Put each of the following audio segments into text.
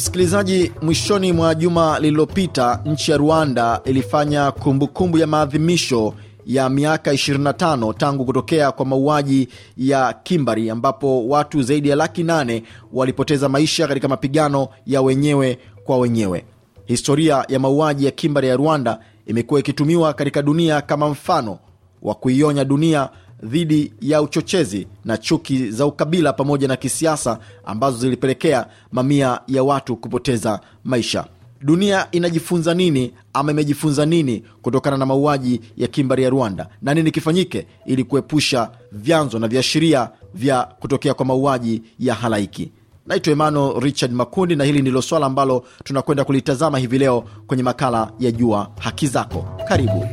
Msikilizaji, mwishoni mwa juma lililopita nchi ya Rwanda ilifanya kumbukumbu kumbu ya maadhimisho ya miaka 25 tangu kutokea kwa mauaji ya kimbari ambapo watu zaidi ya laki nane walipoteza maisha katika mapigano ya wenyewe kwa wenyewe. Historia ya mauaji ya kimbari ya Rwanda imekuwa ikitumiwa katika dunia kama mfano wa kuionya dunia dhidi ya uchochezi na chuki za ukabila pamoja na kisiasa ambazo zilipelekea mamia ya watu kupoteza maisha. Dunia inajifunza nini ama imejifunza nini kutokana na mauaji ya kimbari ya Rwanda, na nini kifanyike ili kuepusha vyanzo na viashiria vya kutokea kwa mauaji ya halaiki? Naitwa Emmanuel Richard Makundi, na hili ndilo swala ambalo tunakwenda kulitazama hivi leo kwenye makala ya Jua Haki Zako. Karibu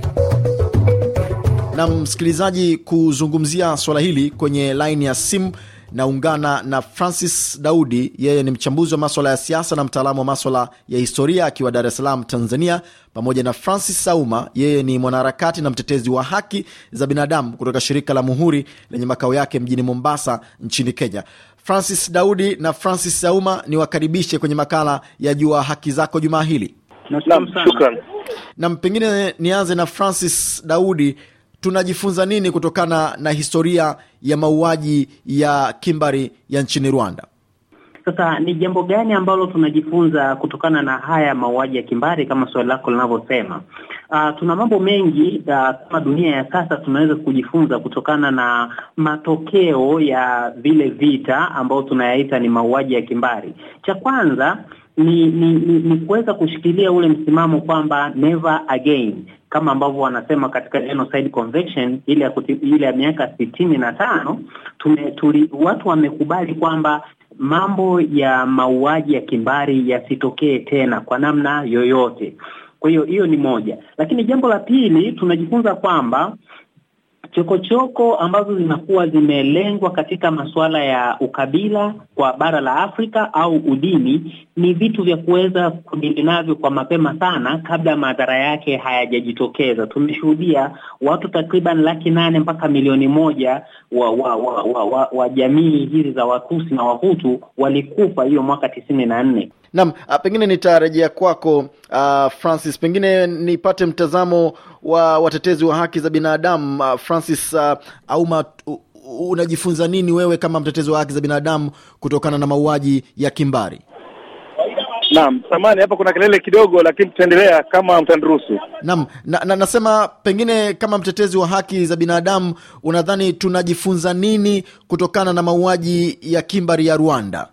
na msikilizaji, kuzungumzia swala hili kwenye laini ya simu naungana na Francis Daudi. Yeye ni mchambuzi wa maswala ya siasa na mtaalamu wa maswala ya historia akiwa Dar es Salaam, Tanzania, pamoja na Francis Sauma. Yeye ni mwanaharakati na mtetezi wa haki za binadamu kutoka shirika la Muhuri lenye makao yake mjini Mombasa nchini Kenya. Francis Daudi na Francis Sauma, niwakaribishe kwenye makala ya Jua Haki Zako jumaa hili. Nam, pengine nianze na Francis Daudi tunajifunza nini kutokana na historia ya mauaji ya kimbari ya nchini Rwanda? Sasa ni jambo gani ambalo tunajifunza kutokana na haya mauaji ya kimbari kama swali lako linavyosema? Uh, tuna mambo mengi ah, kama uh, dunia ya sasa tunaweza kujifunza kutokana na matokeo ya vile vita ambayo tunayaita ni mauaji ya kimbari. Cha kwanza ni, ni, ni, ni kuweza kushikilia ule msimamo kwamba never again, kama ambavyo wanasema katika Genocide Convention ile ya ile ya miaka sitini na tano tume, tuli, watu wamekubali kwamba mambo ya mauaji ya kimbari yasitokee tena kwa namna yoyote. Kwa hiyo hiyo ni moja, lakini jambo la pili tunajifunza kwamba chokochoko ambazo zinakuwa zimelengwa katika masuala ya ukabila kwa bara la Afrika au udini ni vitu vya kuweza kudili navyo kwa mapema sana kabla madhara yake hayajajitokeza. Tumeshuhudia watu takriban laki nane mpaka milioni moja wa, wa, wa, wa, wa, wa jamii hizi za Watusi na Wahutu walikufa hiyo mwaka tisini na nne. Naam, ah, pengine nitarejea kwako uh, Francis, pengine nipate mtazamo wa watetezi wa haki za binadamu uh, Francis Francis uh, Auma, unajifunza nini wewe kama mtetezi wa haki za binadamu kutokana na mauaji ya kimbari? Naam, samani hapa kuna kelele kidogo, lakini tutaendelea kama mtaniruhusu. Naam, na, na, nasema pengine kama mtetezi wa haki za binadamu unadhani tunajifunza nini kutokana na mauaji ya kimbari ya Rwanda?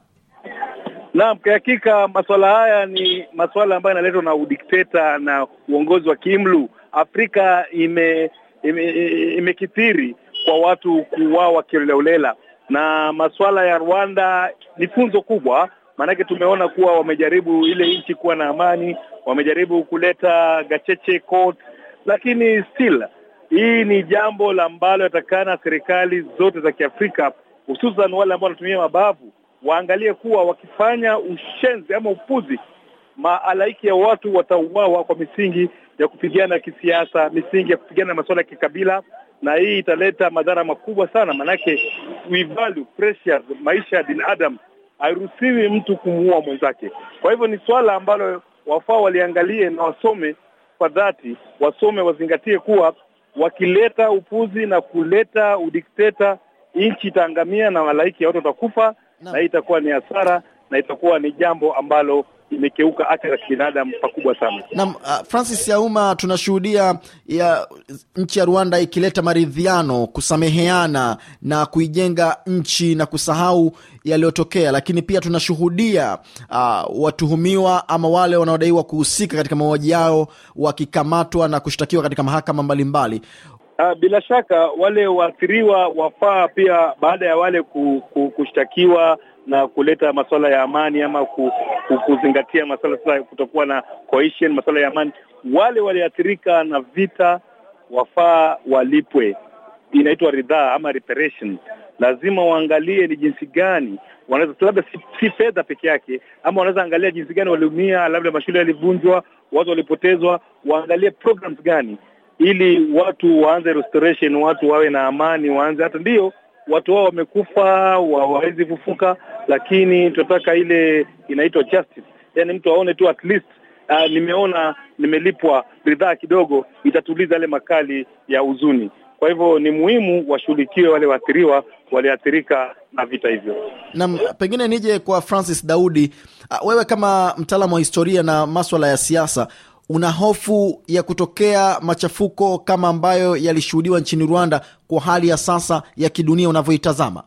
Naam, kwa hakika masuala haya ni masuala ambayo yanaletwa na udikteta na uongozi wa kimlu Afrika ime imekithiri ime kwa watu kuuawa kiolelaolela, na masuala ya Rwanda ni funzo kubwa, maanake tumeona kuwa wamejaribu ile nchi kuwa na amani, wamejaribu kuleta Gacheche Court, lakini still hii ni jambo la ambalo yatakana serikali zote za Kiafrika hususan wale ambao wanatumia mabavu waangalie kuwa wakifanya ushenzi ama upuzi maalaiki ya watu watauawa kwa misingi ya kupigana kisiasa, misingi ya kupigana masuala ya kikabila, na hii italeta madhara makubwa sana, maanake we value precious maisha ya binadamu. Hairuhusiwi mtu kumuua mwenzake. Kwa hivyo ni swala ambalo wafaa waliangalie na wasome kwa dhati, wasome wazingatie kuwa wakileta upuzi na kuleta udikteta, nchi itaangamia na malaiki ya watu watakufa, na hii itakuwa ni hasara na itakuwa ni jambo ambalo imekeuka haki za kibinadamu pakubwa sana. Naam, uh, Francis Yauma, tunashuhudia ya nchi ya Rwanda ikileta maridhiano, kusameheana na kuijenga nchi na kusahau yaliyotokea, lakini pia tunashuhudia uh, watuhumiwa ama wale wanaodaiwa kuhusika katika mauaji yao wakikamatwa na kushtakiwa katika mahakama mbalimbali. Uh, bila shaka wale waathiriwa wafaa pia baada ya wale kushtakiwa na kuleta masuala ya amani ama kuzingatia masuala sasa kutokuwa na cohesion, masuala ya amani, wale waliathirika na vita wafaa walipwe, inaitwa ridhaa ama reparation. Lazima waangalie ni jinsi gani wanaweza, labda si, si fedha peke yake, ama wanaweza angalia jinsi gani waliumia, labda mashule yalivunjwa, watu walipotezwa, waangalie programs gani ili watu waanze restoration, watu wawe na amani, waanze hata ndiyo watu wao wamekufa, hawawezi fufuka lakini tunataka ile inaitwa justice, yani mtu aone tu at least Uh, nimeona nimelipwa ridhaa kidogo, itatuliza yale makali ya huzuni. Kwa hivyo ni muhimu washughulikiwe wale waathiriwa waliathirika na vita hivyo. Naam, pengine nije kwa Francis Daudi. Uh, wewe kama mtaalamu wa historia na maswala ya siasa una hofu ya kutokea machafuko kama ambayo yalishuhudiwa nchini Rwanda kwa hali ya sasa ya kidunia unavyoitazama?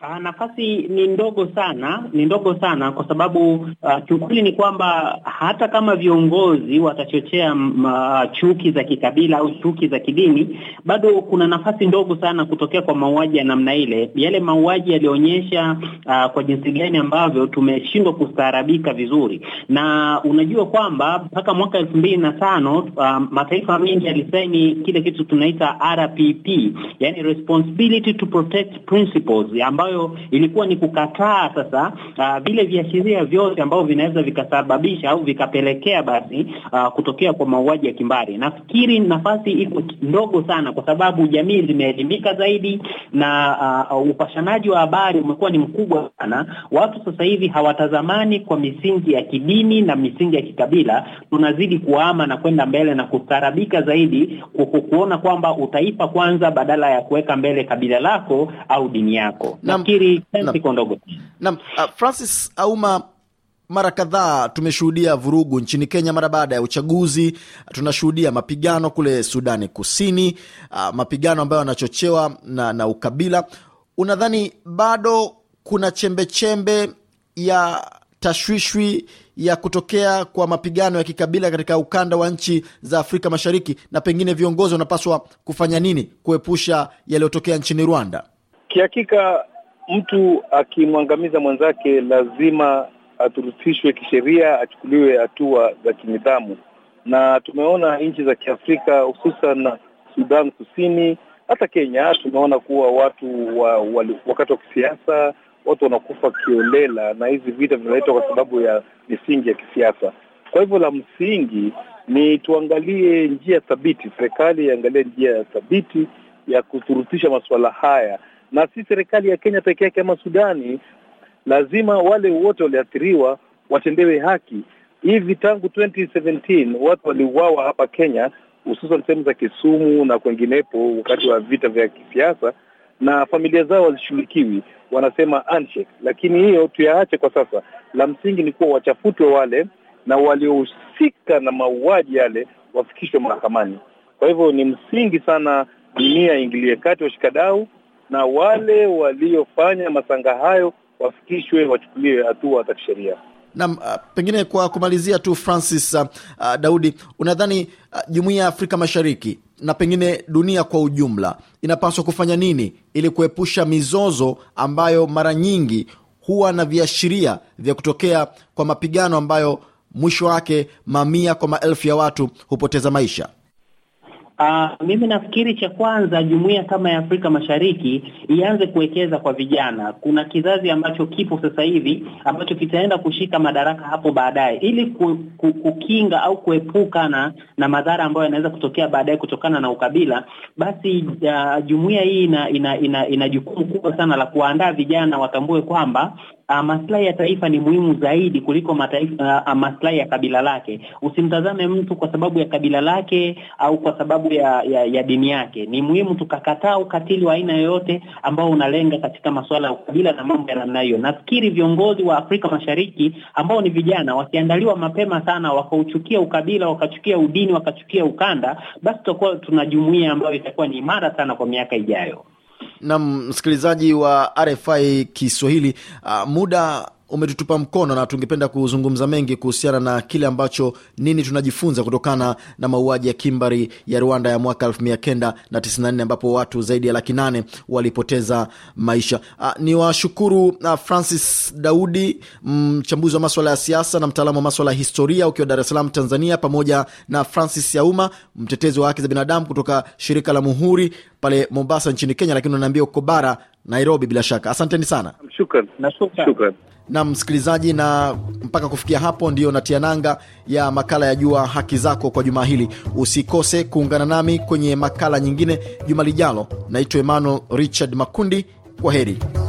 Ah, nafasi ni ndogo sana, ni ndogo sana kwa sababu uh, kiukweli ni kwamba hata kama viongozi watachochea uh, chuki za kikabila au chuki za kidini, bado kuna nafasi ndogo sana kutokea kwa mauaji ya namna ile. Yale mauaji yalionyesha uh, kwa jinsi gani ambavyo tumeshindwa kustaarabika vizuri, na unajua kwamba mpaka mwaka elfu mbili na tano uh, mataifa mengi yalisaini kile kitu tunaita RPP, yani Responsibility to Protect Principles ambayo ambayo ilikuwa ni kukataa sasa uh, vile viashiria vyote ambavyo vinaweza vikasababisha au vikapelekea basi uh, kutokea kwa mauaji ya kimbari. Nafikiri nafasi iko ndogo sana, kwa sababu jamii zimeelimika zaidi na uh, upashanaji wa habari umekuwa ni mkubwa sana. Watu sasa hivi hawatazamani kwa misingi ya kidini na misingi ya kikabila, tunazidi kuama na kwenda mbele na kustarabika zaidi, kuona kwamba utaifa kwanza badala ya kuweka mbele kabila lako au dini yako na nafikiri siko ndogo. uh, Francis Auma, mara kadhaa tumeshuhudia vurugu nchini Kenya mara baada ya uchaguzi. Tunashuhudia mapigano kule Sudani Kusini, uh, mapigano ambayo yanachochewa na, na ukabila. Unadhani bado kuna chembechembe chembe ya tashwishwi ya kutokea kwa mapigano ya kikabila katika ukanda wa nchi za Afrika Mashariki, na pengine viongozi wanapaswa kufanya nini kuepusha yaliyotokea nchini Rwanda? Kihakika mtu akimwangamiza mwenzake lazima athurutishwe kisheria, achukuliwe hatua za kinidhamu, na tumeona nchi za Kiafrika hususan Sudan Kusini, hata Kenya, tumeona kuwa watu wa, wa, wakati wa kisiasa watu wanakufa kiolela, na hizi vita vinaletwa kwa sababu ya misingi ya kisiasa. Kwa hivyo la msingi ni tuangalie njia thabiti, serikali iangalie njia thabiti ya kuthurutisha masuala haya na si serikali ya Kenya peke yake ama Sudani. Lazima wale wote waliathiriwa watendewe haki. Hivi tangu 2017 watu waliuawa hapa Kenya, hususan sehemu za Kisumu na kwenginepo, wakati wa vita vya kisiasa, na familia zao hazishughulikiwi wanasema handshake. Lakini hiyo tuyaache kwa sasa, la msingi ni kuwa wachafutwe wale na waliohusika na mauaji yale wafikishwe mahakamani. Kwa hivyo ni msingi sana dunia ingilie kati, washikadau na wale waliofanya masanga hayo wafikishwe, wachukuliwe hatua za kisheria. Naam, ah, pengine kwa kumalizia tu Francis uh, uh, Daudi, unadhani uh, jumuiya ya Afrika Mashariki na pengine dunia kwa ujumla inapaswa kufanya nini ili kuepusha mizozo ambayo mara nyingi huwa na viashiria vya kutokea kwa mapigano ambayo mwisho wake mamia kwa maelfu ya watu hupoteza maisha? Uh, mimi nafikiri cha kwanza jumuiya kama ya Afrika Mashariki ianze kuwekeza kwa vijana. Kuna kizazi ambacho kipo sasa hivi ambacho kitaenda kushika madaraka hapo baadaye, ili ku, ku, kukinga au kuepuka na, na madhara ambayo yanaweza kutokea baadaye kutokana na ukabila, basi uh, jumuiya hii ina, ina, ina, ina jukumu kubwa sana la kuandaa vijana watambue kwamba uh, maslahi ya taifa ni muhimu zaidi kuliko uh, maslahi ya kabila lake. Usimtazame mtu kwa sababu ya kabila lake au kwa sababu ya, ya, ya dini yake. Ni muhimu tukakataa ukatili wa aina yoyote ambao unalenga katika masuala ya ukabila na mambo ya namna hiyo. Nafikiri viongozi wa Afrika Mashariki ambao ni vijana wakiandaliwa mapema sana, wakauchukia ukabila, wakachukia udini, wakachukia ukanda, basi tutakuwa tuna jumuia ambayo itakuwa ni imara sana kwa miaka ijayo. Nam msikilizaji wa RFI Kiswahili, uh, muda umetutupa mkono na tungependa kuzungumza mengi kuhusiana na kile ambacho nini tunajifunza kutokana na mauaji ya kimbari ya Rwanda ya mwaka 994 ambapo watu zaidi ya laki nane walipoteza maisha. Ah, ni washukuru ah, Francis Daudi, mchambuzi wa maswala ya siasa na mtaalamu wa maswala ya historia, ukiwa dares salam Salaam, Tanzania, pamoja na Francis Yauma, mtetezi wa haki za binadamu kutoka shirika la Muhuri pale Mombasa nchini Kenya, lakini unaambia uko bara Nairobi bila shaka. Asanteni sana, na msikilizaji, na mpaka kufikia hapo ndiyo natia nanga ya makala ya Jua Haki Zako kwa jumaa hili. Usikose kuungana nami kwenye makala nyingine juma lijalo. Naitwa Emmanuel Richard Makundi, kwa heri.